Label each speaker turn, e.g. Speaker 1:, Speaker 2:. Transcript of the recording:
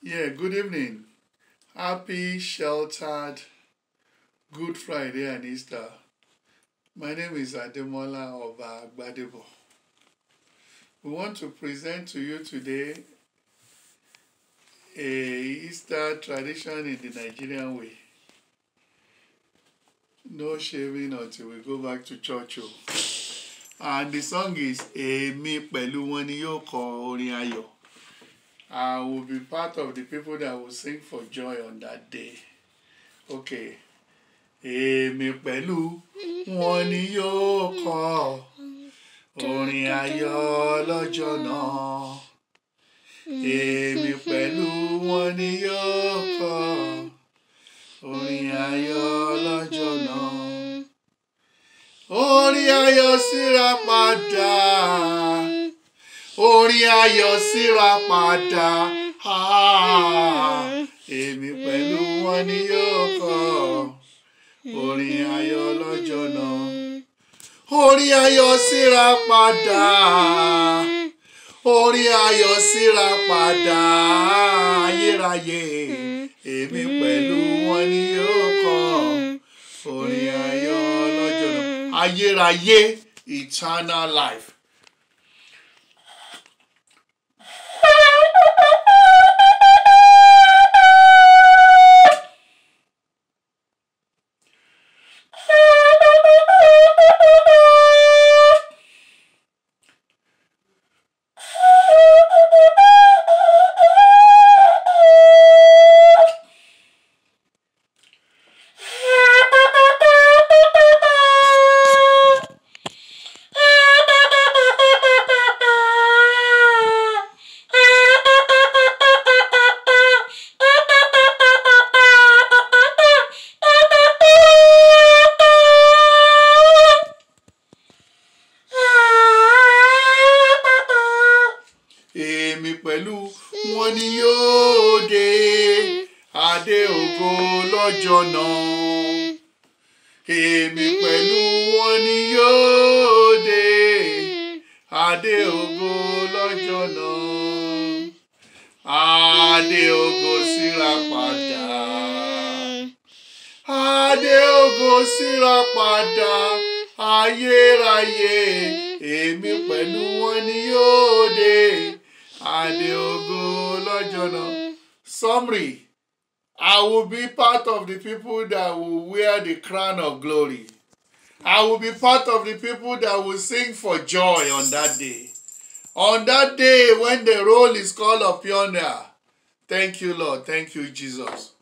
Speaker 1: Yeah, good evening. Happy, sheltered, Good Friday and Easter. My name is Ademola of Gbadebo. We want to present to you today a Easter tradition in the Nigerian way. No shaving until we go back to church. Oh. And the song is Èmi pẹ̀lú wọn ni yóò I will be part of the people that will sing for joy on that day. Okay. Èmi pẹ̀lú wọn ni yóò kọ orin ayọ̀ lọ́jọ́ náà. Èmi pẹ̀lú wọn ni yóò kọ orin ayọ̀ lọ́jọ́ náà. Orin ayọ̀ síra padà orin ayọ̀ síra padà èmi pẹ̀lú wọn ni yóò kọ orin ayọ̀ lọ́jọ́ náà orin ayọ̀ síra padà orin ayọ̀ síra padà ayérayé èmi pẹ̀lú wọn ni yóò kọ orin ayọ̀ lọ́jọ́ náà ayérayé eternal life. èmi pẹ̀lú wọn ni yóò dé adé ògo lọ́jọ́ náà èmi pẹ̀lú wọn ni yóò dé adé ògo lọ́jọ́ náà adé ògo síra padà adé síra padà ayérayé èmi pẹ̀lú wọn ni yóò dé adé ogun lọ́jọ́ náà. Summary. I will be part of the people that will wear the crown of glory. I will be part of the people that will sing for joy on that day. On that day when the roll is called upon her. Thank you, Lord. Thank you, Jesus.